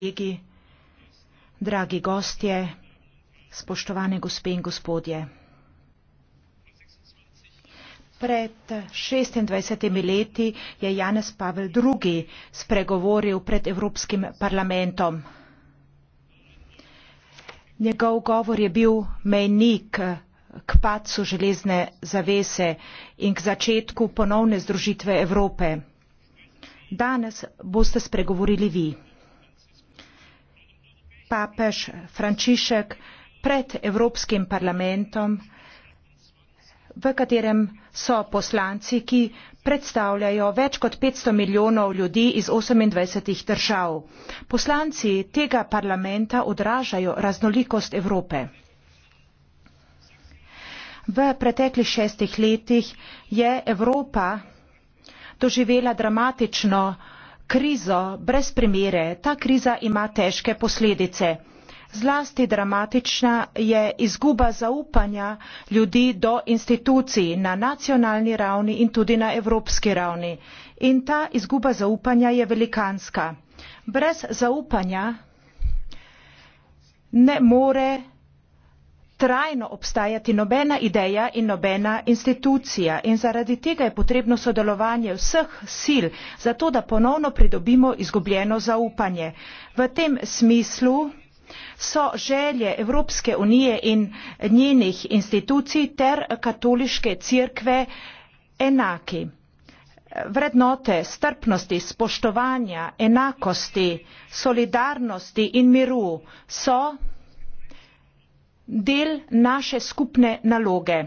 kolegi, dragi gostje, spoštovane gospe in gospodje. Pred 26 leti je Janez Pavel II. spregovoril pred Evropskim parlamentom. Njegov govor je bil mejnik k pacu železne zavese in k začetku ponovne združitve Evrope. Danes boste spregovorili vi papež Frančišek pred Evropskim parlamentom, v katerem so poslanci, ki predstavljajo več kot 500 milijonov ljudi iz 28 držav. Poslanci tega parlamenta odražajo raznolikost Evrope. V preteklih šestih letih je Evropa doživela dramatično krizo brez primere. Ta kriza ima težke posledice. Zlasti dramatična je izguba zaupanja ljudi do institucij na nacionalni ravni in tudi na evropski ravni. In ta izguba zaupanja je velikanska. Brez zaupanja ne more trajno obstajati nobena ideja in nobena institucija in zaradi tega je potrebno sodelovanje vseh sil zato da ponovno pridobimo izgubljeno zaupanje. v tem smislu so želje evropske unije in njenih institucij ter katoliške cerkve enaki. vrednote strpnosti spoštovanja enakosti solidarnosti in miru so del naše skupne naloge.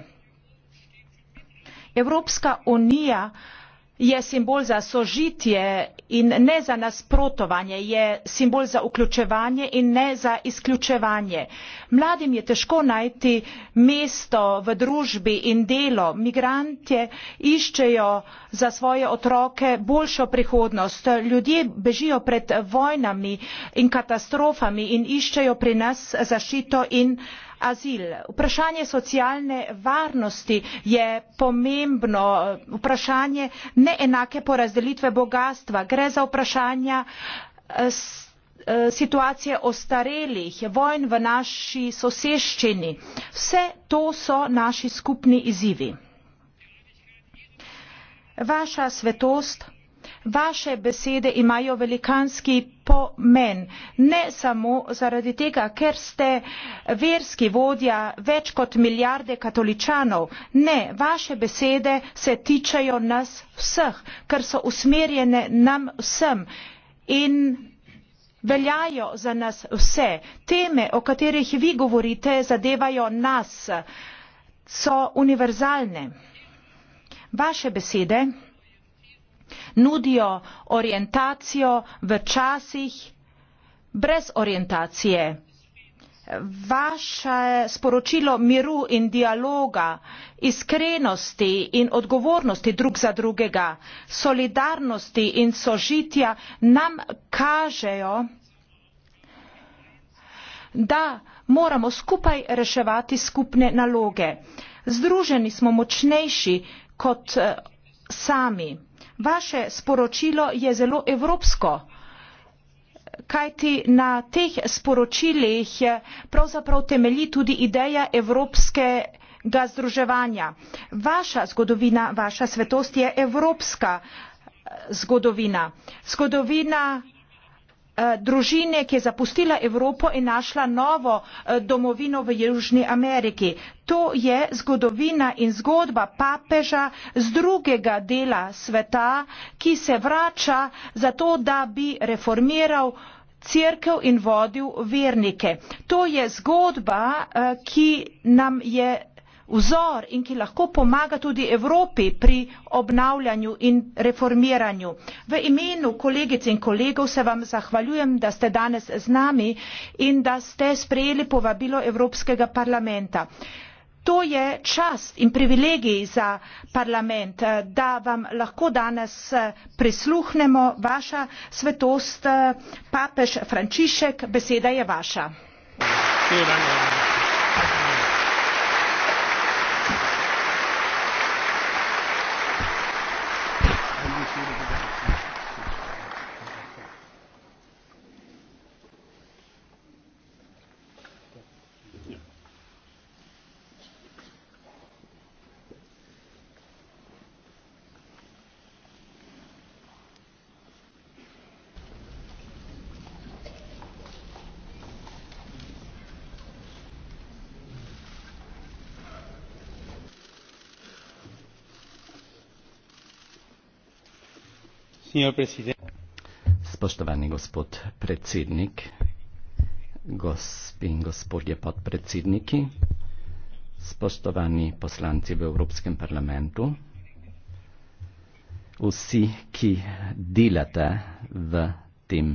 Evropska unija je simbol za sožitje in ne za nasprotovanje, je simbol za vključevanje in ne za izključevanje. Mladim je težko najti mesto v družbi in delo. Migrantje iščejo za svoje otroke boljšo prihodnost. Ljudje bežijo pred vojnami in katastrofami in iščejo pri nas zaščito in uh, azil vprašanje socialne varnosti je pomembno vprašanje neenake porazdelitve bogastva gre za vprašanja eh, eh, situacije ostarelih vojn v naši soseščini vse to so naši skupni izzivi vaša svetost vaše besede imajo velikanski pomen ne samo zaradi tega ker ste verski vodja več kot milijarde katoličanov ne vaše besede se tičejo nas vseh ker so usmerjene nam vsem in veljajo za nas vse teme o katerih vi govorite zadevajo nas so univerzalne vaše besede nudijo orientacijo v časih brez orientacije. Vaše sporočilo miru in dialoga, iskrenosti in odgovornosti drug za drugega, solidarnosti in sožitja nam kažejo, da moramo skupaj reševati skupne naloge. Združeni smo močnejši kot eh, sami vaše sporočilo je zelo evropsko kajti na teh sporočilih pravzaprav temelji tudi ideja evropskega združevanja. vaša zgodovina vaša svetost je evropska zgodovina zgodovina Eh, družine ki je zapustila evropo in našla novo eh, domovino v južni ameriki to je zgodovina in zgodba papeža z drugega dela sveta ki se vrača zato da bi reformiral cerkev in vodil vernike to je zgodba eh, ki nam je vzor in ki lahko pomaga tudi evropi pri obnavljanju in reformiranju. v imenu kolegic in kolegov se vam zahvaljujem da ste danes z nami in da ste sprejeli povabilo evropskega parlamenta. to je čast in privilegij za parlament da vam lahko danes eh, prisluhnemo vaša svetost eh, papež frančišek beseda je vaša. Spoštovani gospod predsednik, gospi in gospodje podpredsedniki, spoštovani poslanci v Evropskem parlamentu, vsi, ki delate v tem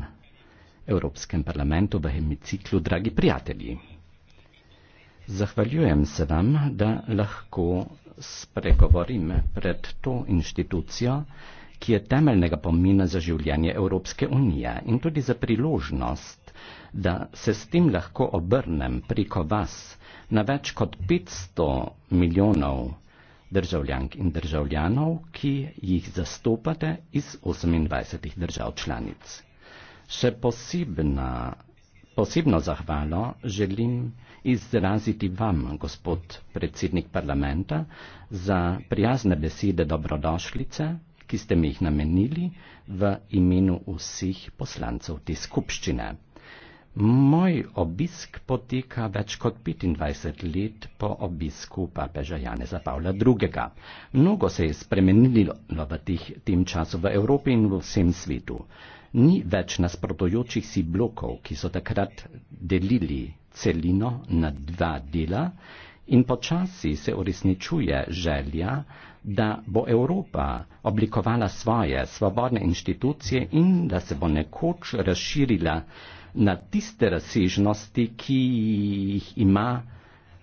Evropskem parlamentu, v hemiciklu, dragi prijatelji. Zahvaljujem se vam, da lahko spregovorim pred to inštitucijo, ki je temeljnega pomena za življenje Evropske unije in tudi za priložnost, da se s tem lahko obrnem preko vas na več kot 500 milijonov državljank in državljanov, ki jih zastopate iz 28 držav članic. Še posebna, posebno zahvalo želim izraziti vam, gospod predsednik parlamenta, za prijazne besede dobrodošlice ki ste mi jih namenili v imenu vseh poslancev te skupščine. Moj obisk poteka več kot 25 let po obisku papeža Janeza Pavla II. Mnogo se je spremenilo v tih, tem času v Evropi in v vsem svetu. Ni več nasprotujočih si blokov, ki so takrat delili celino na dva dela in počasi se uresničuje želja, da bo Evropa oblikovala svoje svobodne inštitucije in da se bo nekoč razširila na tiste razsežnosti, ki jih ima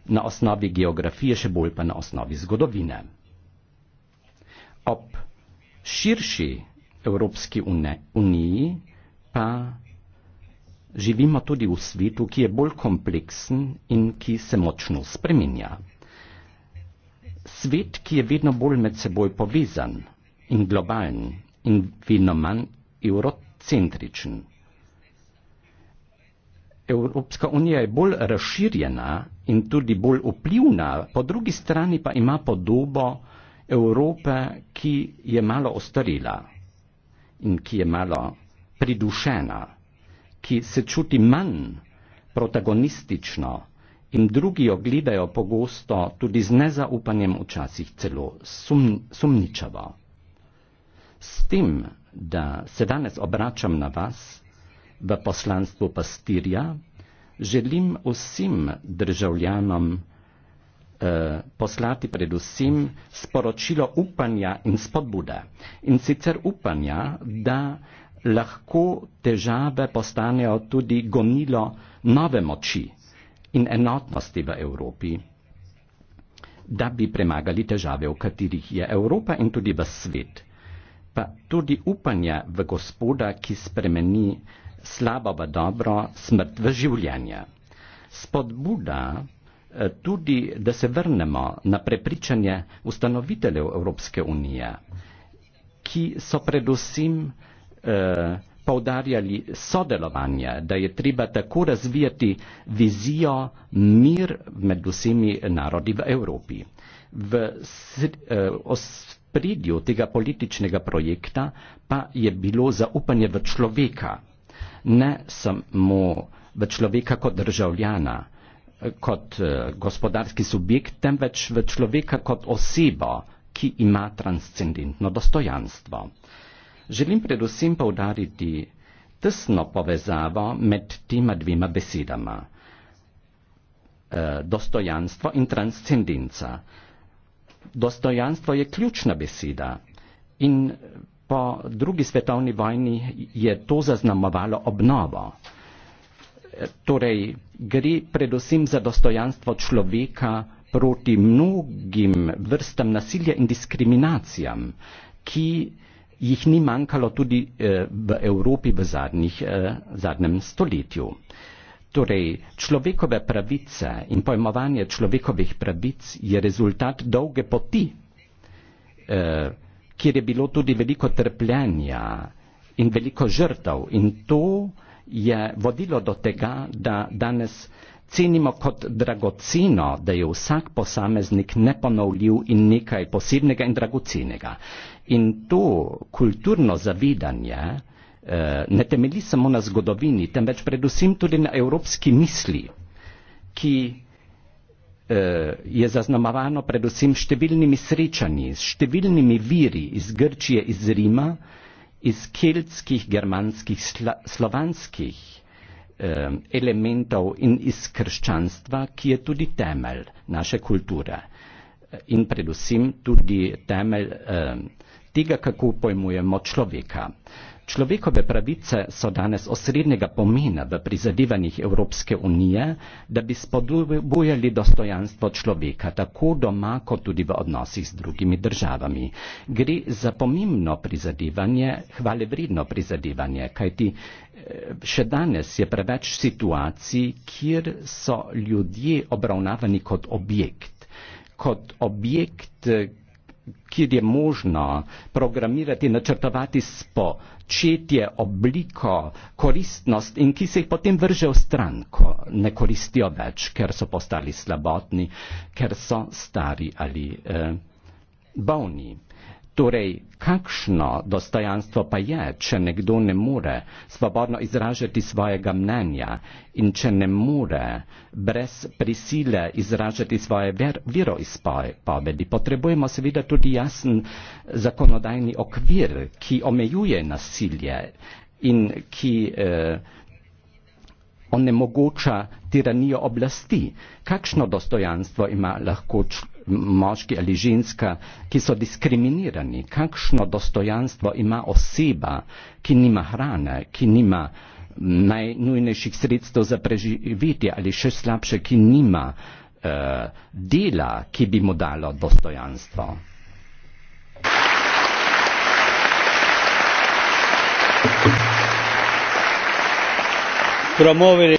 na osnovi geografije, še bolj pa na osnovi zgodovine. Ob širši Evropski uniji pa živimo tudi v svetu, ki je bolj kompleksen in ki se močno spreminja svet, ki je vedno bolj med seboj povezan in globalen in vedno manj eurocentričen. Evropska unija je bolj razširjena in tudi bolj vplivna, po drugi strani pa ima podobo Evrope, ki je malo ostarila in ki je malo pridušena, ki se čuti manj protagonistično in drugi jo gledajo pogosto tudi z nezaupanjem, včasih celo sum, sumničavo. S tem, da se danes obračam na vas v poslanstvu pastirja, želim vsem državljanom eh, poslati predvsem sporočilo upanja in spodbude. In sicer upanja, da lahko težave postanejo tudi gonilo nove moči, in enotnosti v Evropi, da bi premagali težave, v katerih je Evropa in tudi v svet, pa tudi upanja v gospoda, ki spremeni slabo v dobro, smrt v življenje. Spodbuda eh, tudi, da se vrnemo na prepričanje ustanoviteljev Evropske unije, ki so predvsem eh, poudarjali sodelovanje, da je treba tako razvijati vizijo mir med vsemi narodi v Evropi. V eh, spredju tega političnega projekta pa je bilo zaupanje v človeka, ne samo v človeka kot državljana, eh, kot eh, gospodarski subjekt, temveč v človeka kot osebo, ki ima transcendentno dostojanstvo želim predvsem povdariti tesno povezavo med tima dvima besedama eh, – dostojanstvo in transcendenca. Dostojanstvo je ključna beseda in po drugi svetovni vojni je to zaznamovalo obnovo. Eh, torej, gre predvsem za dostojanstvo človeka proti mnogim vrstam nasilja in diskriminacijam, ki jih ni manjkalo tudi eh, v Evropi v zadnjih, eh, zadnjem stoletju. Torej, človekove pravice in pojmovanje človekovih pravic je rezultat dolge poti, eh, kjer je bilo tudi veliko trpljenja in veliko žrtev in to je vodilo do tega, da danes cenimo kot dragoceno, da je vsak posameznik neponovljiv in nekaj posebnega in dragocenega. In to kulturno zavedanje eh, ne temelji samo na zgodovini, temveč predvsem tudi na evropski misli, ki eh, je zaznamovano predvsem številnimi srečanji, številnimi viri iz Grčije, iz Rima, iz keltskih, germanskih, slovanskih Eh, elementov in iz krščanstva, ki je tudi temelj naše kulture in predvsem tudi temelj eh, tega, kako pojmujemo človeka. Človekove pravice so danes osrednjega pomena v prizadevanjih Evropske unije, da bi spodbujali dostojanstvo človeka tako doma kot tudi v odnosih z drugimi državami. Gre za pomembno prizadevanje, hvale vredno prizadevanje, kajti eh, še danes je preveč situacij, kjer so ljudje obravnavani kot objekt kot objekt, eh, kjer je možno programirati, načrtovati s početje, obliko, koristnost in ki se jih potem vrže v stran, ko ne koristijo več, ker so postali slabotni, ker so stari ali eh, bolni. Torej, kakšno dostojanstvo pa je, če nekdo ne more svobodno izražati svojega mnenja in če ne more brez prisile izražati svoje ver, veroizpovedi? Potrebujemo seveda tudi jasen zakonodajni okvir, ki omejuje nasilje in ki eh, onemogoča tiranijo oblasti. Kakšno dostojanstvo ima lahko človek? moški ali ženska, ki so diskriminirani, kakšno dostojanstvo ima oseba, ki nima hrane, ki nima najnujnejših sredstev za preživetje ali še slabše, ki nima uh, dela, ki bi mu dalo dostojanstvo. Promovili.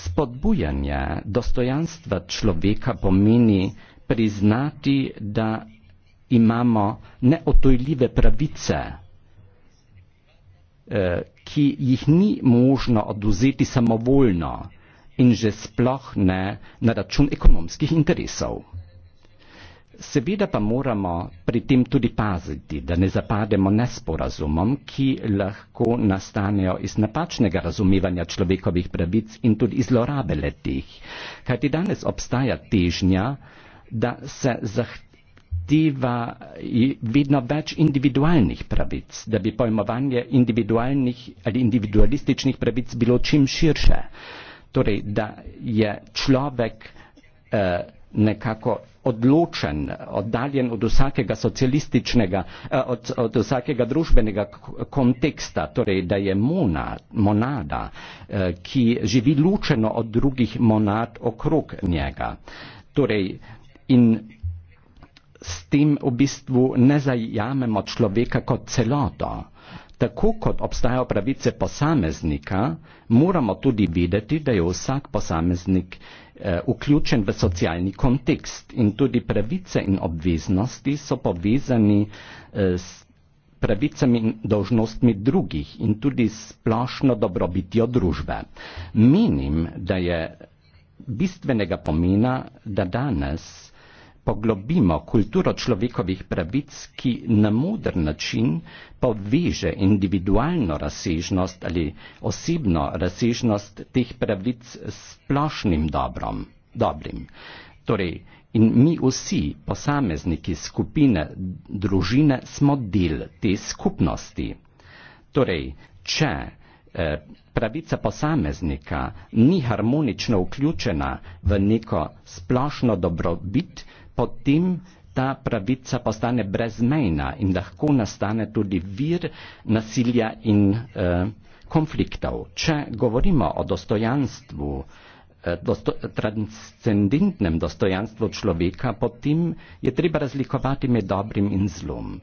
Spodbujanje dostojanstva človeka pomeni priznati, da imamo neotojljive pravice, eh, ki jih ni možno oduzeti samovoljno in že sploh ne na račun ekonomskih interesov. Seveda pa moramo pri tem tudi paziti, da ne zapademo nesporazumom, ki lahko nastanejo iz napačnega razumevanja človekovih pravic in tudi iz zlorabe letih. Kajti danes obstaja težnja, da se zahteva vedno več individualnih pravic, da bi pojmovanje individualnih ali individualističnih pravic bilo čim širše. Torej, da je človek eh, nekako odločen, oddaljen od vsakega socialističnega, eh, od, od vsakega družbenega konteksta, torej, da je mona, monada, eh, ki živi lučeno od drugih monad okrog njega. Torej, in s tem v bistvu ne zajamemo človeka kot celoto. Tako kot obstajajo pravice posameznika, moramo tudi videti, da je vsak posameznik eh, vključen v socialni kontekst in tudi pravice in obveznosti so povezani eh, s pravicami in dolžnostmi drugih in tudi splošno dobrobitjo družbe. Menim, da je bistvenega pomena, da danes poglobimo kulturo človekovih pravic, ki na modr način poveže individualno razsežnost ali osebno razsežnost teh pravic s splošnim dobrom, dobrim. Torej, in mi vsi, posamezniki, skupine, družine, smo del te skupnosti. Torej, če eh, pravica posameznika ni harmonično vključena v neko splošno dobrobit, potem ta pravica postane brezmejna in lahko nastane tudi vir nasilja in eh, konfliktov. Če govorimo o dostojanstvu, eh, dosto, transcendentnem dostojanstvu človeka, potem je treba razlikovati med dobrim in zlom.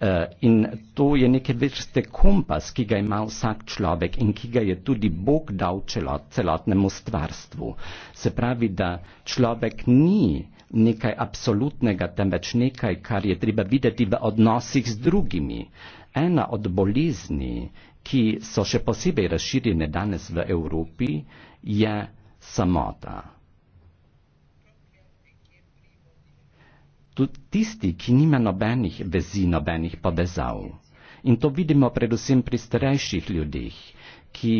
Eh, in to je neke vrste kompas, ki ga ima vsak človek in ki ga je tudi Bog dal celotnemu stvarstvu. Se pravi, da človek ni eh, nekaj absolutnega, temveč nekaj, kar je treba videti v odnosih z drugimi. Ena od bolezni, ki so še posebej razširjene danes v Evropi, je samota. Tudi tisti, ki nima nobenih vezi, nobenih povezav. In to vidimo predvsem pri starejših ljudeh, ki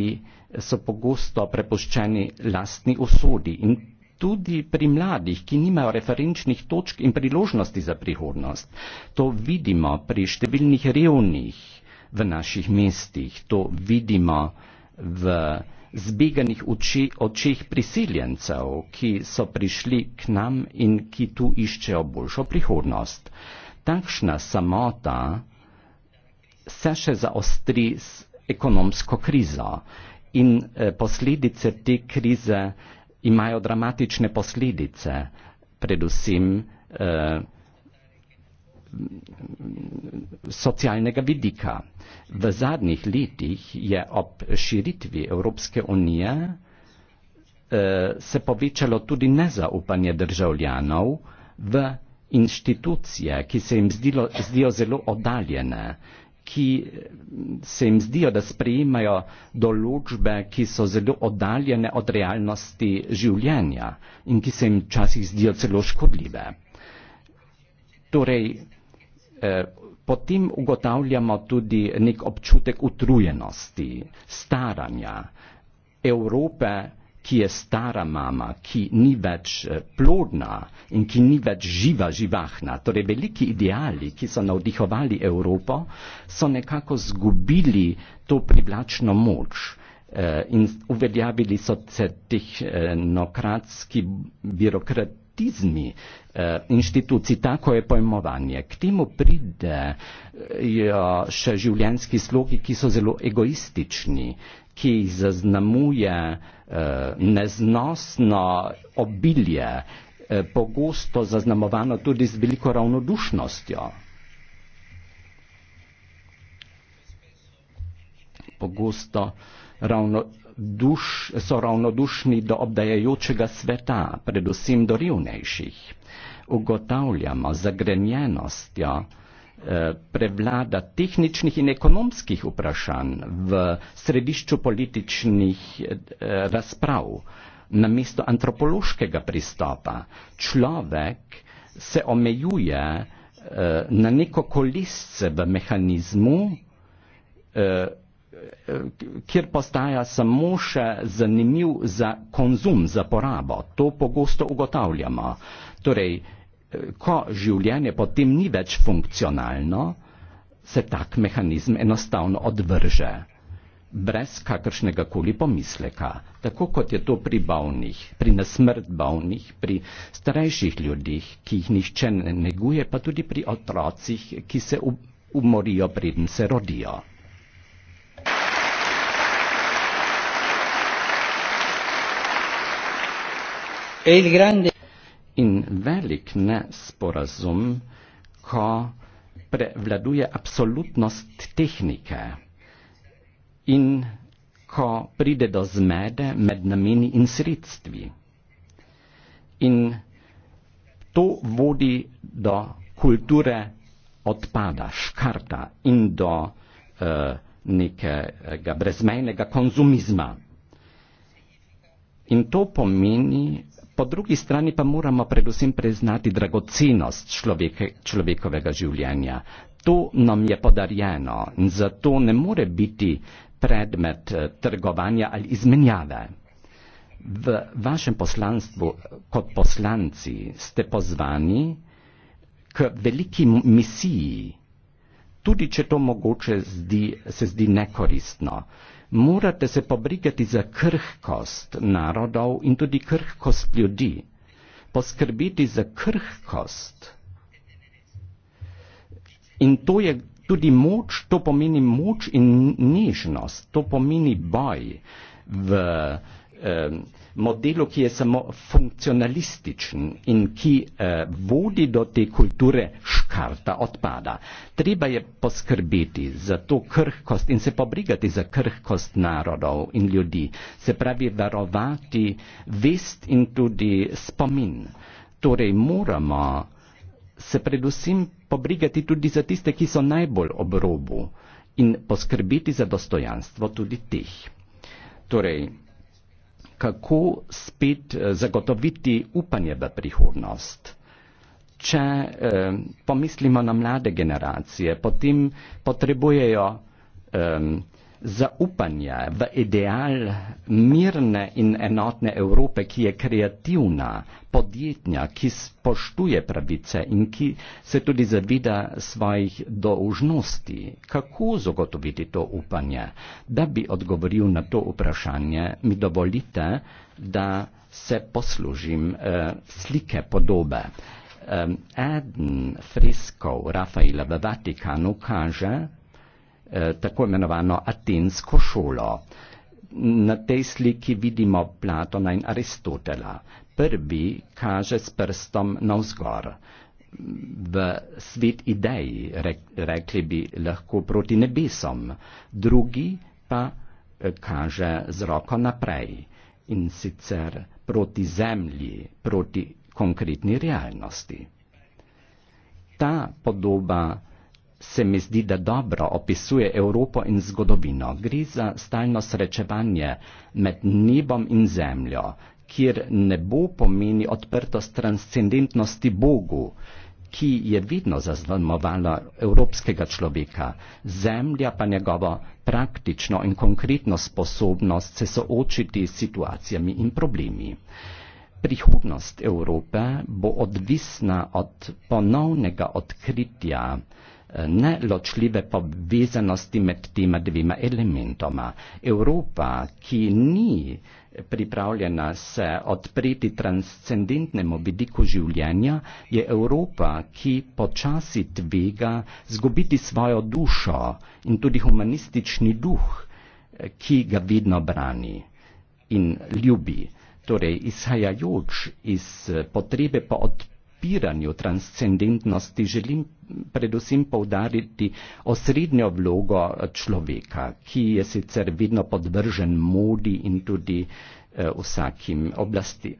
so pogosto prepuščeni lastni usodi in tudi pri mladih, ki nimajo referenčnih točk in priložnosti za prihodnost. To vidimo pri številnih revnih v naših mestih, to vidimo v zbeganih oči, očeh prisiljencev, ki so prišli k nam in ki tu iščejo boljšo prihodnost. Takšna samota se še zaostri z ekonomsko krizo in eh, posledice te krize imajo dramatične posledice, predvsem eh, socialnega vidika. V zadnjih letih je ob širitvi Evropske unije eh, se povečalo tudi nezaupanje državljanov v institucije, ki se jim zdijo zelo oddaljene ki se jim zdijo, da sprejemajo določbe, ki so zelo oddaljene od realnosti življenja in ki se jim včasih zdijo celo škodljive. Torej, eh, potem ugotavljamo tudi nek občutek utrujenosti, staranja Evrope, ki je stara mama, ki ni več eh, plodna in ki ni več živa, živahna. Torej, veliki ideali, ki so navdihovali Evropo, so nekako zgubili to privlačno moč eh, in uveljavili so se tehnokratski eh, birokrat, elitizmi eh, inštitucij, tako je pojmovanje. K temu pridejo še življenjski slogi, ki so zelo egoistični, ki jih zaznamuje eh, neznosno obilje, eh, pogosto zaznamovano tudi z veliko ravnodušnostjo. Pogosto ravno duš, so ravnodušni do obdajajočega sveta, predvsem do revnejših. Ugotavljamo zagrenjenostjo eh, prevlada tehničnih in ekonomskih vprašanj v središču političnih eh, razprav namesto antropološkega pristopa. Človek se omejuje eh, na neko kolisce v mehanizmu, kjer postaja samo še zanimiv za konzum, za porabo. To pogosto ugotavljamo. Torej, ko življenje potem ni več funkcionalno, se tak mehanizem enostavno odvrže, brez kakršnega koli pomisleka. Tako kot je to pri bavnih, pri nasmrt bavnih, pri starejših ljudih, ki jih nihče ne neguje, pa tudi pri otrocih, ki se umorijo, preden se rodijo. In velik nesporazum, ko prevladuje absolutnost tehnike in ko pride do zmede med nameni in sredstvi. In to vodi do kulture odpada, škarta in do eh, nekega brezmejnega konzumizma. In to pomeni, po drugi strani pa moramo predvsem preznati dragocenost človeke, človekovega življenja. To nam je podarjeno in zato ne more biti predmet eh, trgovanja ali izmenjave. V vašem poslanstvu kot poslanci ste pozvani k veliki misiji, tudi če to mogoče zdi, se zdi nekoristno morate se pobrigati za krhkost narodov in tudi krhkost ljudi, poskrbiti za krhkost. In to je tudi moč, to pomeni moč in nižnost, to pomeni boj v eh, modelu, ki je samo funkcionalističen in ki eh, vodi do te kulture škarta odpada. Treba je poskrbeti za to krhkost in se pobrigati za krhkost narodov in ljudi, se pravi varovati vest in tudi spomin. Torej moramo se predvsem pobrigati tudi za tiste, ki so najbolj ob robu in poskrbeti za dostojanstvo tudi teh. Torej, kako spet eh, zagotoviti upanje v prihodnost. Če eh, pomislimo na mlade generacije, potem potrebujejo eh, zaupanje v ideal mirne in enotne Evrope, ki je kreativna, podjetnja, ki spoštuje pravice in ki se tudi zavida svojih dolžnosti. Kako zagotoviti to upanje? Da bi odgovoril na to vprašanje, mi dovolite, da se poslužim eh, slike podobe. Eh, eden freskov Rafaela v Vatikanu kaže, Eh, tako imenovano atensko šolo. Na tej sliki vidimo Platona in Aristotela. Prvi kaže s prstom navzgor v svet idej, rekli bi lahko proti nebesom, drugi pa eh, kaže z roko naprej in sicer proti zemlji, proti konkretni realnosti. Ta podoba se mi zdi, da dobro opisuje Evropo in zgodovino. Gre za stalno srečevanje med nebom in zemljo, kjer nebo pomeni odprtost transcendentnosti Bogu, ki je vedno zaznamovala evropskega človeka, zemlja pa njegovo praktično in konkretno sposobnost se soočiti s situacijami in problemi. Prihodnost Evrope bo odvisna od ponovnega odkritja neločljive povezanosti med tema dvima elementoma. Evropa, ki ni pripravljena se odpreti transcendentnemu vidiku življenja, je Evropa, ki počasi tvega zgubiti svojo dušo in tudi humanistični duh, ki ga vedno brani in ljubi. Torej, izhajajoč iz potrebe po odpreti, odpiranju transcendentnosti želim predvsem povdariti osrednjo vlogo človeka, ki je sicer vedno podvržen modi in tudi eh, vsakim oblasti.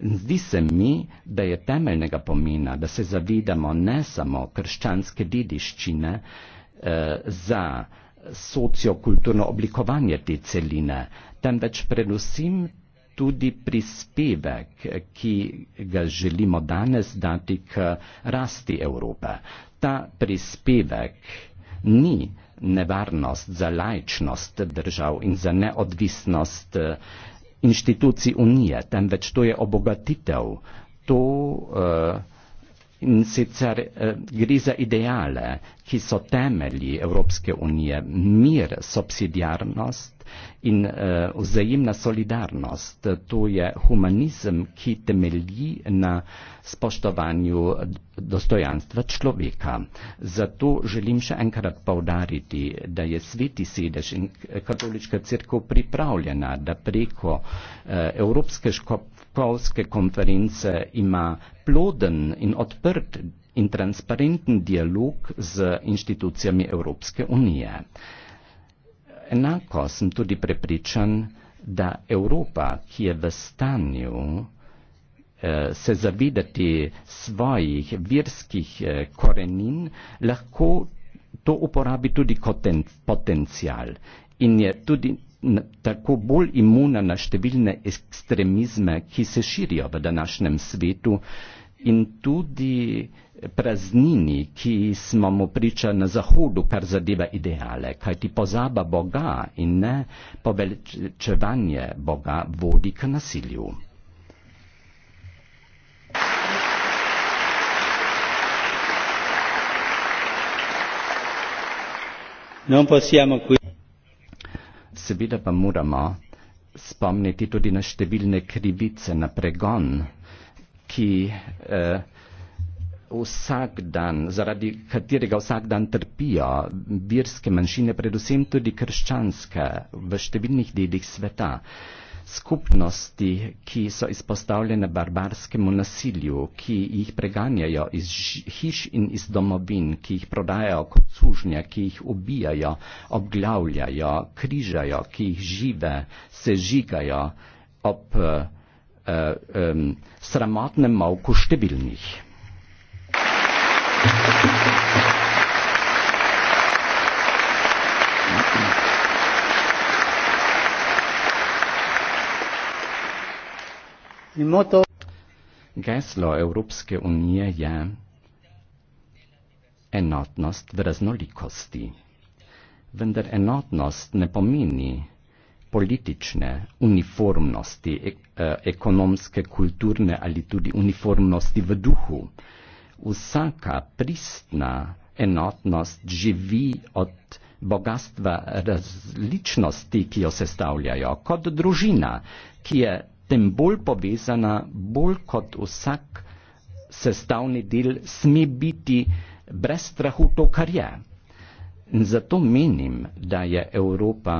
Zdi se mi, da je temeljnega pomena, da se zavedamo ne samo krščanske dediščine eh, za sociokulturno oblikovanje te celine, temveč predvsem tudi prispevek, ki ga želimo danes dati k rasti Evrope. Ta prispevek ni nevarnost za lajčnost držav in za neodvisnost eh, inštitucij Unije, temveč to je obogatitev. To, uh, In sicer eh, gre za ideale, ki so temelji Evropske unije, mir, subsidiarnost in eh, vzajemna solidarnost. To je humanizem, ki temelji na spoštovanju dostojanstva človeka. Zato želim še enkrat povdariti, da je sveti sedež in eh, katoliška crkva pripravljena, da preko Evropske škope Moskovske konference ima ploden in odprt in transparenten dialog z inštitucijami Evropske unije. Enako sem tudi prepričan, da Evropa, ki je v stanju eh, se zavedati svojih virskih eh, korenin, lahko to uporabi tudi kot potencial in je tudi tako bolj imuna na številne ekstremizme, ki se širijo v današnjem svetu in tudi praznini, ki smo mu priča na Zahodu, kar zadeva ideale, kaj ti pozaba Boga in ne povečevanje Boga vodi k nasilju. Non possiamo qui. Seveda pa moramo spomniti tudi na številne krivice, na pregon, ki eh, vsak dan, zaradi katerega vsak dan trpijo virske manjšine, predvsem tudi krščanske v številnih delih sveta. Eh, skupnosti, ki so izpostavljene barbarskemu nasilju, ki jih preganjajo iz hiš in iz domovin, ki jih prodajajo kot sužnje, ki jih ubijajo, obglavljajo, križajo, ki jih žive, sežigajo ob uh, um, sramotnem mavku številnih. Thank you. Geslo Evropske unije je enotnost v raznolikosti. Vendar enotnost ne pomeni politične uniformnosti, e-, e, ekonomske, kulturne ali tudi uniformnosti v duhu. Vsaka pristna enotnost živi od bogatstva različnosti, ki jo sestavljajo, kot družina, ki je tem bolj povezana, bolj kot vsak sestavni del sme biti brez strahu to, kar je. In zato menim, da je Evropa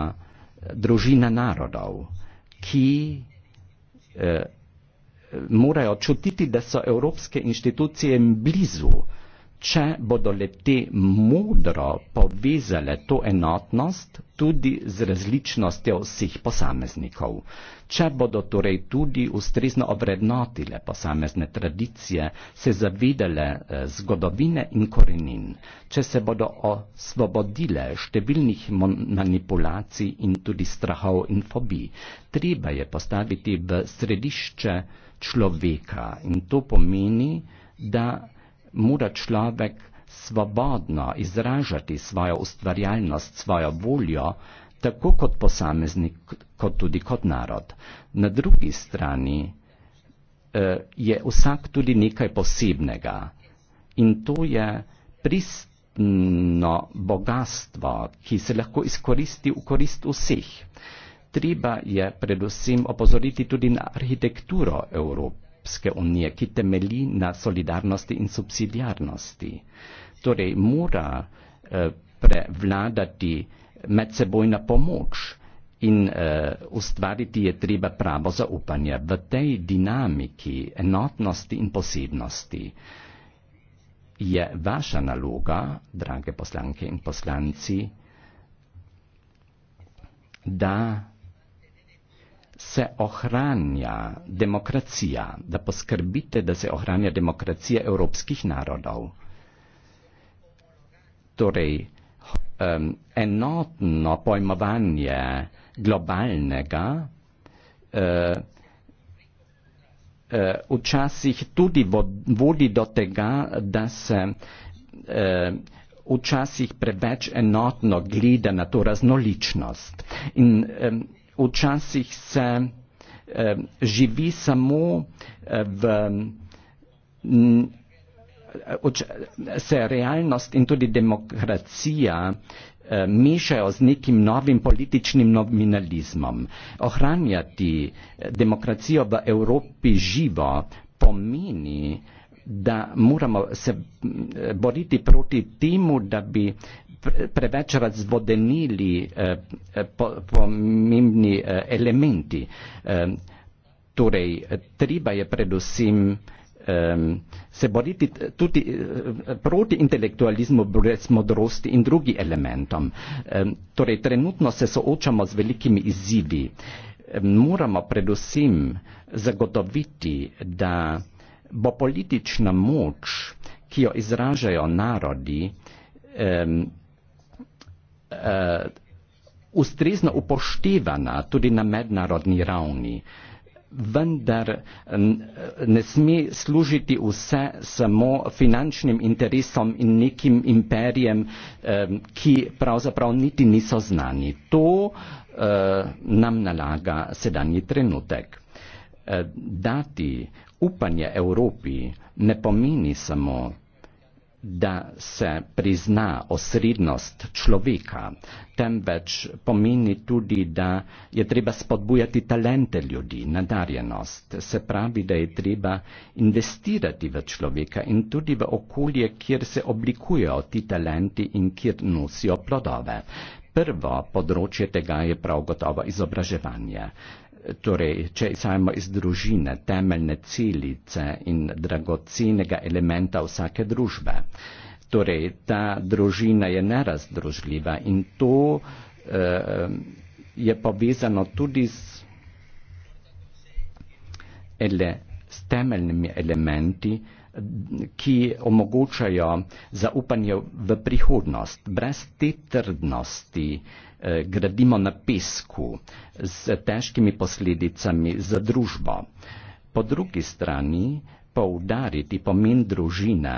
družina narodov, ki eh, morajo čutiti, da so evropske inštitucije blizu eh, če bodo lete modro povezale to enotnost tudi z različnostjo vseh posameznikov, če bodo torej tudi ustrezno ovrednotile posamezne tradicije, se zavedale eh, zgodovine in korenin, če se bodo osvobodile številnih manipulacij in tudi strahov in fobij, treba je postaviti v središče človeka in to pomeni, da mora človek svobodno izražati svojo ustvarjalnost, svojo voljo, tako kot posameznik, kot tudi kot narod. Na drugi strani eh, je vsak tudi nekaj posebnega in to je pristno bogatstvo, ki se lahko izkoristi v korist vseh. Treba je predvsem opozoriti tudi na arhitekturo Evrope. Evropske unije, ki temelji na solidarnosti in subsidiarnosti. Torej mora eh, prevladati medsebojna pomoč in eh, ustvariti je treba pravo zaupanje v tej dinamiki enotnosti in posebnosti. Je vaša naloga, drage poslanke in poslanci, da se ohranja demokracija, da poskrbite, da se ohranja demokracija evropskih narodov. Torej, um, enotno pojmovanje globalnega uh, uh, včasih tudi vodi do tega, da se uh, včasih preveč enotno glede na to raznoličnost. In, um, včasih se eh, živi samo eh, v, se realnost in tudi demokracija eh, mešajo z nekim novim političnim nominalizmom. Ohranjati demokracijo v Evropi živo pomeni, da moramo se boriti proti temu, da bi preveč razvodenili eh, eh pomembni eh, elementi. Eh, torej, treba je predvsem eh, se boriti tudi eh, proti intelektualizmu brez modrosti in drugim elementom. Eh, torej, trenutno se soočamo z velikimi izzivi. Eh, moramo predvsem zagotoviti, da bo politična moč, ki jo izražajo narodi, eh, uh, ustrezno upoštevana tudi na mednarodni ravni, vendar ne sme služiti vse samo finančnim interesom in nekim imperijem, um, ki pravzaprav niti niso znani. To uh, nam nalaga sedanji trenutek. Uh, dati upanje Evropi ne pomeni samo da se prizna osrednost človeka, temveč pomeni tudi, da je treba spodbujati talente ljudi, nadarjenost. Se pravi, da je treba investirati v človeka in tudi v okolje, kjer se oblikujejo ti talenti in kjer nosijo plodove. Prvo področje tega je prav gotovo izobraževanje. Torej, če izhajamo iz družine, temeljne celice in dragocenega elementa vsake družbe. Torej, ta družina je nerazdružljiva in to eh, je povezano tudi s, ele, s temeljnimi elementi, eh, ki omogočajo zaupanje v prihodnost. Brez te trdnosti eh, gradimo na pesku z težkimi posledicami za družbo. Po drugi strani poudariti pomen družine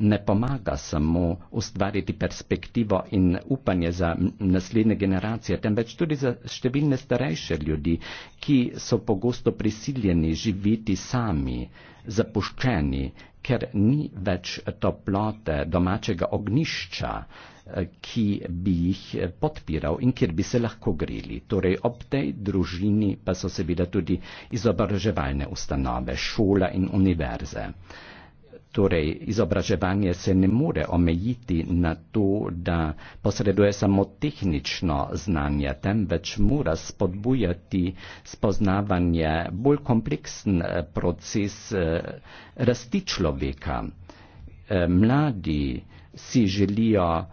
ne pomaga samo ustvariti perspektivo in upanje za naslednje generacije, temveč tudi za številne starejše ljudi, ki so pogosto prisiljeni živeti sami, zapuščeni ker ni več toplote domačega ognišča, eh, ki bi jih podpiral in kjer bi se lahko greli. Torej ob tej družini pa so seveda tudi izobraževalne ustanove, šola in univerze. Torej, izobraževanje se ne more omejiti na to, da posreduje samo tehnično znanje, temveč mora spodbujati spoznavanje bolj kompleksen eh, proces eh, rasti človeka. Eh, mladi si želijo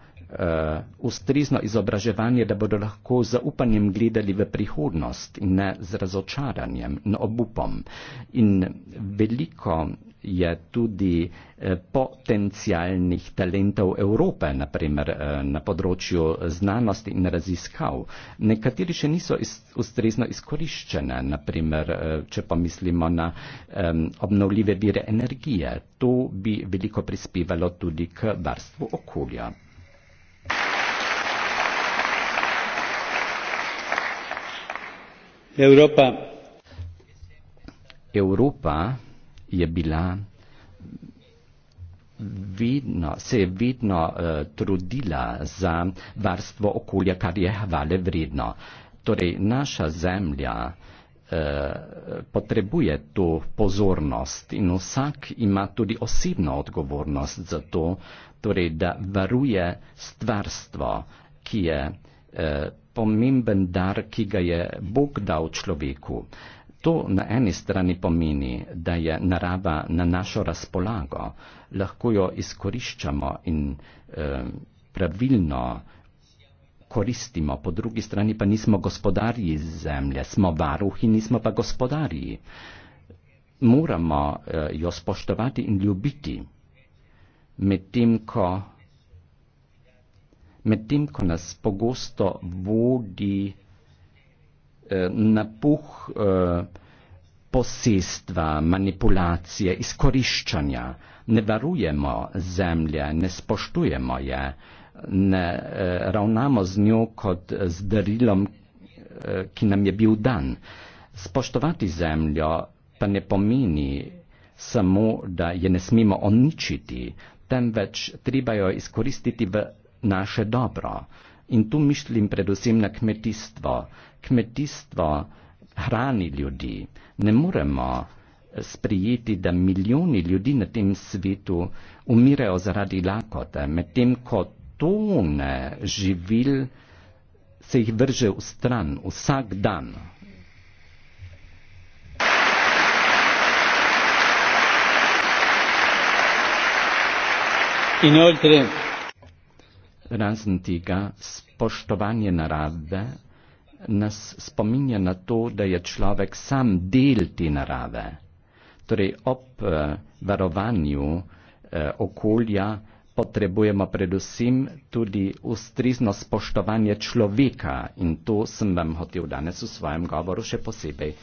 ustrezno izobraževanje, da bodo lahko z upanjem gledali v prihodnost in ne z razočaranjem in obupom. In veliko je tudi eh, potencijalnih talentov Evrope, naprimer eh, na področju znanosti in raziskav. Nekateri še niso ustrezno izkoriščene, naprimer, eh, če pa mislimo na obnovljive vire energije. To bi veliko prispevalo tudi k varstvu okolja. Evropa. Evropa je bila vidno, se je vidno uh, trudila za varstvo okolja, kar je hvale vredno. Torej, naša zemlja eh, potrebuje to pozornost in vsak ima tudi osebno odgovornost za to, torej da varuje stvarstvo, ki je eh, pomemben dar, ki ga je Bog dal človeku. Eh, To na eni strani pomeni, da je narava na našo razpolago, lahko jo izkoriščamo in eh, pravilno koristimo, po drugi strani pa nismo gospodarji zemlje, smo varuhi, nismo pa gospodarji. Moramo eh, jo spoštovati in ljubiti, medtem ko, med ko nas pogosto vodi Eh, napuh eh, posestva, manipulacije, izkoriščanja. Ne varujemo zemlje, ne spoštujemo je, ne eh, ravnamo z njo kot z darilom, ki nam je bil dan. Spoštovati zemljo pa ne pomeni samo, da je ne smemo oničiti, temveč treba jo izkoristiti v naše dobro. In tu mislim predvsem na kmetijstvo. Kmetijstvo hrani ljudi. Ne moremo sprijeti, da milijoni ljudi na tem svetu umirajo zaradi lakote, medtem ko tone živil se jih vrže v stran vsak dan. Inoltre, Raz tega spoštovanje narave nas spominja na to, da je človek sam del te narave. Torej ob uh, varovanju uh, okolja potrebujemo predvsem tudi ustrezno spoštovanje človeka in to sem vam hotel danes v svojem govoru še posebej uh,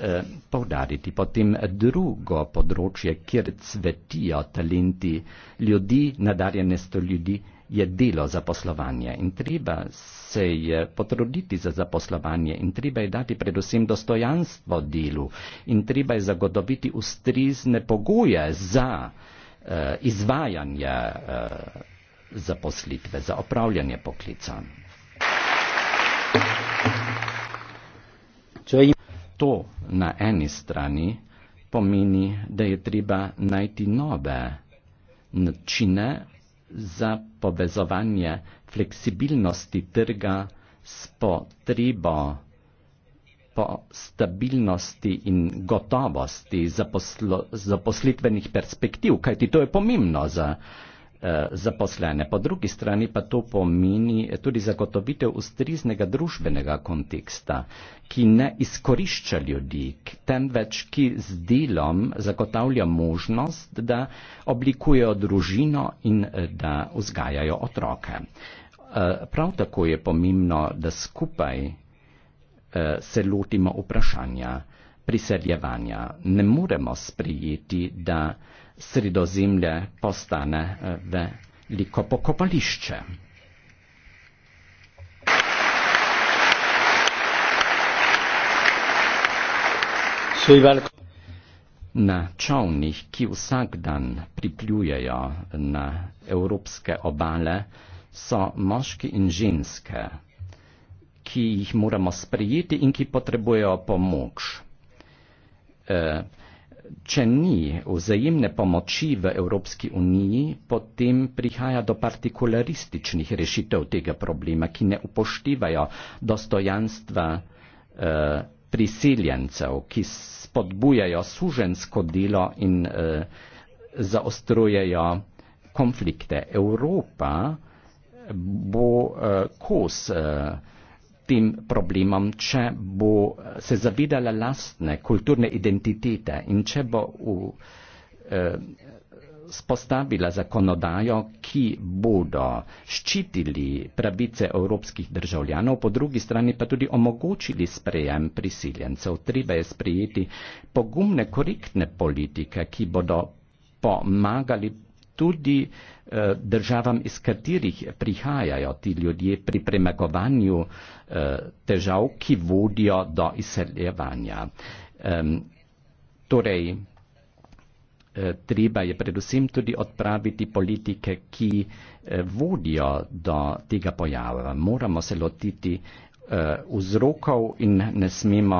eh, povdariti. Potem drugo področje, kjer cvetijo talenti ljudi, nadarjenost ljudi, je delo zaposlovanje in treba se je potruditi za zaposlovanje in treba je dati predvsem dostojanstvo delu in treba je zagotoviti ustrezne pogoje za eh, izvajanje eh, zaposlitve, za opravljanje poklica. To na eni strani pomeni, da je treba najti nove načine za povezovanje fleksibilnosti trga s potrebo po stabilnosti in gotovosti zaposlitvenih perspektiv, kajti to je pomembno za Eh, zaposlene. Po drugi strani pa to pomeni tudi zagotovitev ustriznega družbenega konteksta, ki ne izkorišča ljudi, temveč ki z delom zagotavlja možnost, da oblikujejo družino in eh, da vzgajajo otroke. Eh, prav tako je pomembno, da skupaj se lotimo vprašanja priseljevanja. Ne moremo sprijeti, da sredozemlje postane eh, veliko pokopališče. Na čovnih, ki vsak dan pripljujejo na evropske obale, so moški in ženske, ki jih moramo sprejeti in ki potrebujejo pomoč. E, Če ni vzajemne pomoči v Evropski uniji, potem prihaja do partikularističnih rešitev tega problema, ki ne upoštevajo dostojanstva eh, priseljencev, ki spodbujajo sužensko delo in eh, zaostrujejo konflikte. Evropa bo eh, kos. Eh, tem problemom, če bo se zavedala lastne kulturne identitete in če bo v, eh, spostavila zakonodajo, ki bodo ščitili pravice evropskih državljanov, po drugi strani pa tudi omogočili sprejem prisiljencev. Treba je sprejeti pogumne, korektne politike, ki bodo pomagali tudi eh, državam, iz katerih prihajajo ti ljudje pri premagovanju eh, težav, ki vodijo do izseljevanja. Torej, eh, treba je predvsem tudi odpraviti politike, ki vodijo do tega pojava. Moramo se lotiti vzrokov in ne smemo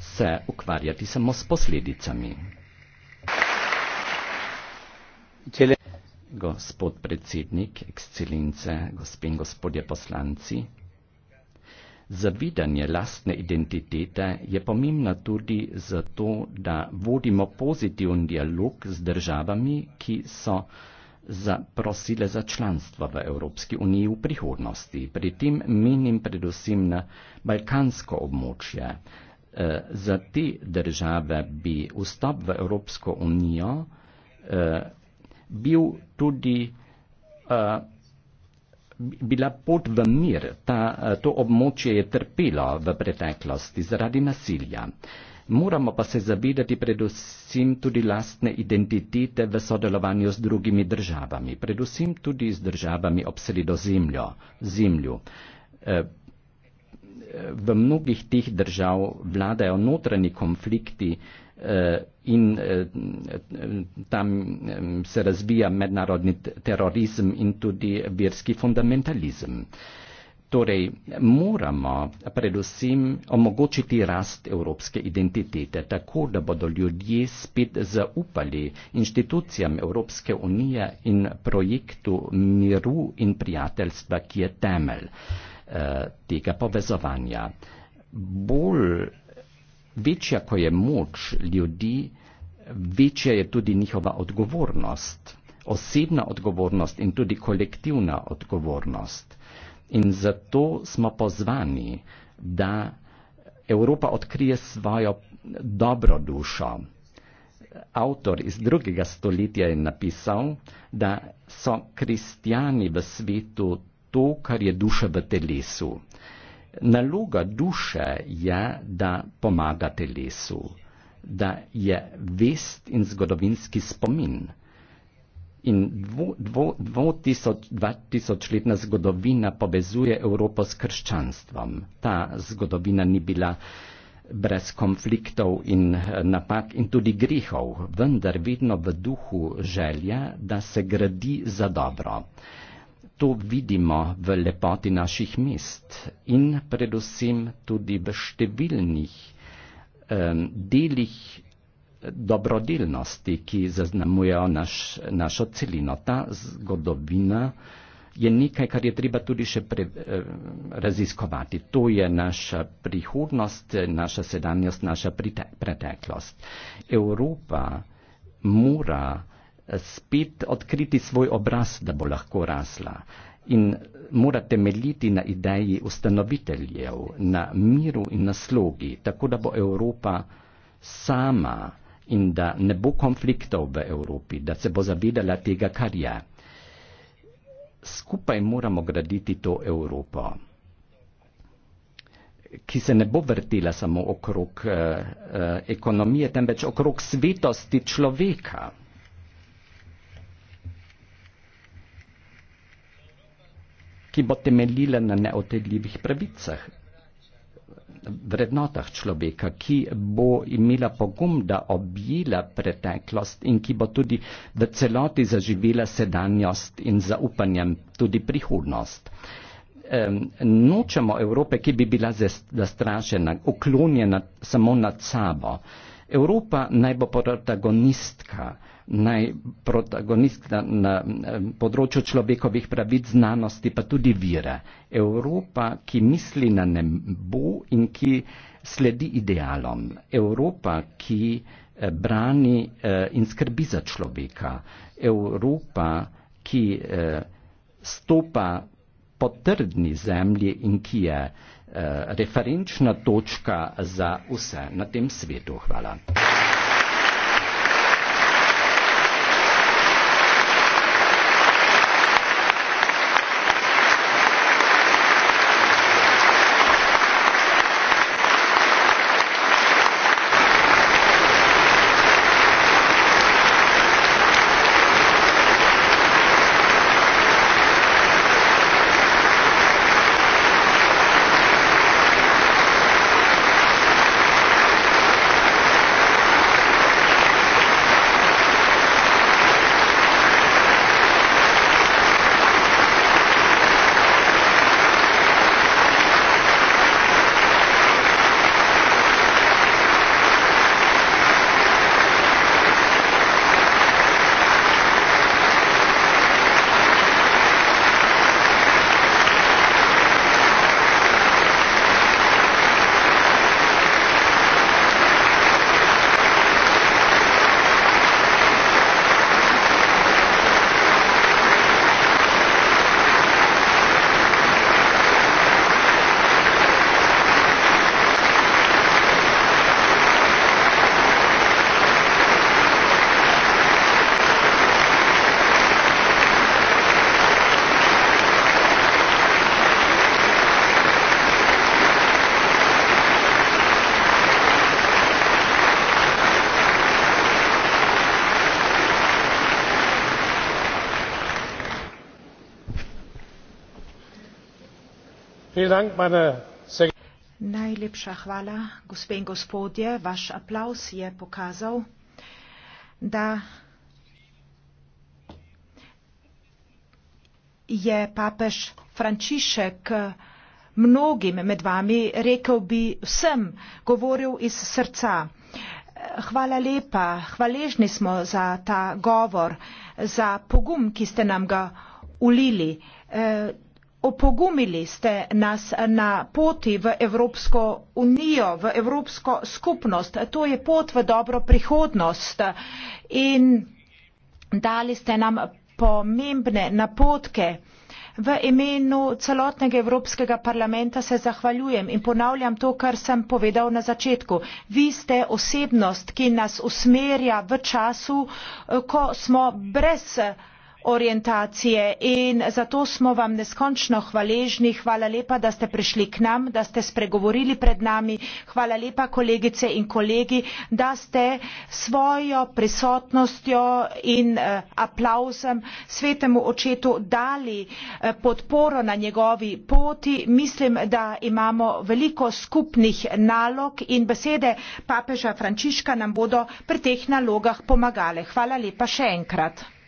se ukvarjati samo s posledicami. Gospod predsednik, ekscelence, gospe in gospodje poslanci, zavidanje lastne identitete je pomembno tudi zato, da vodimo pozitiven dialog z državami, ki so zaprosile za članstvo v Evropski uniji v prihodnosti. Pri tem menim predvsem na balkansko območje. Eh, za te države bi vstop v Evropsko unijo eh, bil tudi, uh, bila pot v mir. Ta, uh, to območje je trpelo v preteklosti zaradi nasilja. Moramo pa se zavedati predvsem tudi lastne identitete v sodelovanju z drugimi državami, predvsem tudi z državami ob sredozemljo, zemlju. Eh, v mnogih teh držav vladajo notranji konflikti, Eh, in eh, tam mm, se razvija mednarodni terorizem in tudi verski fundamentalizem. Torej, moramo predvsem omogočiti rast evropske identitete, tako da bodo ljudje spet zaupali inštitucijam Evropske unije in projektu miru in prijateljstva, ki je temelj eh, tega povezovanja. Bolj večja ko je moč ljudi, večja je tudi njihova odgovornost, osebna odgovornost in tudi kolektivna odgovornost. In zato smo pozvani, da Evropa odkrije svojo dobro dušo. Avtor iz drugega stoletja je napisal, da so kristijani v svetu to, kar je duša v telesu naloga duše je, da pomaga telesu, da je vest in zgodovinski spomin. In dvotisočletna zgodovina povezuje Evropo s krščanstvom. Ta zgodovina ni bila brez konfliktov in eh, napak in tudi grihov, vendar vedno v duhu želja, da se gradi za dobro to vidimo v lepoti naših mest in predvsem tudi v številnih um, delih dobrodelnosti, ki zaznamujejo naš, našo celino. Ta zgodovina je nekaj, kar je treba tudi še pre, eh, raziskovati. To je naša prihodnost, naša sedanjost, naša preteklost. Evropa mora spet odkriti svoj obraz, da bo lahko rasla. In mora temeljiti na ideji ustanoviteljev, na miru in na slogi, tako da bo Evropa sama in da ne bo konfliktov v Evropi, da se bo zavedala tega, kar je. Skupaj moramo graditi to Evropo, ki se ne bo vrtela samo okrog eh, eh ekonomije, temveč okrog svetosti človeka. ki bo temeljila na neotegljivih pravicah, vrednotah človeka, ki bo imela pogum, da objela preteklost in ki bo tudi v celoti zaživela sedanjost in zaupanjem tudi prihodnost. Nočemo Evrope, ki bi bila zastrašena, oklonjena samo nad sabo. Evropa naj bo protagonistka najprotagonistka na področju človekovih pravic, znanosti, pa tudi vira. Evropa, ki misli na nebo in ki sledi idealom. Evropa, ki eh, brani eh, in skrbi za človeka. Evropa, ki eh, stopa po trdni zemlji in ki je referenčna točka za vse na tem svetu. Hvala. Najlepša hvala, gospe in gospodje. Vaš aplaus je pokazal, da je papež Frančišek mnogim med vami, rekel bi vsem, govoril iz srca. Hvala lepa, hvaležni smo za ta govor, za pogum, ki ste nam ga ulili. Eh, opogumili ste nas na poti v Evropsko unijo, v Evropsko skupnost. To je pot v dobro prihodnost in dali ste nam pomembne napotke. V imenu celotnega Evropskega parlamenta se zahvaljujem in ponavljam to, kar sem povedal na začetku. Vi ste osebnost, ki nas usmerja v času, eh, ko smo brez orientacije in zato smo vam neskončno hvaležni hvala lepa da ste prišli k nam da ste spregovorili pred nami hvala lepa kolegice in kolegi da ste s svojo prisotnostjo in eh, aplavzom svetemu očetu dali eh, podporo na njegovi poti mislim da imamo veliko skupnih nalog in besede papeža frančiška nam bodo pri teh nalogah pomagale hvala lepa še enkrat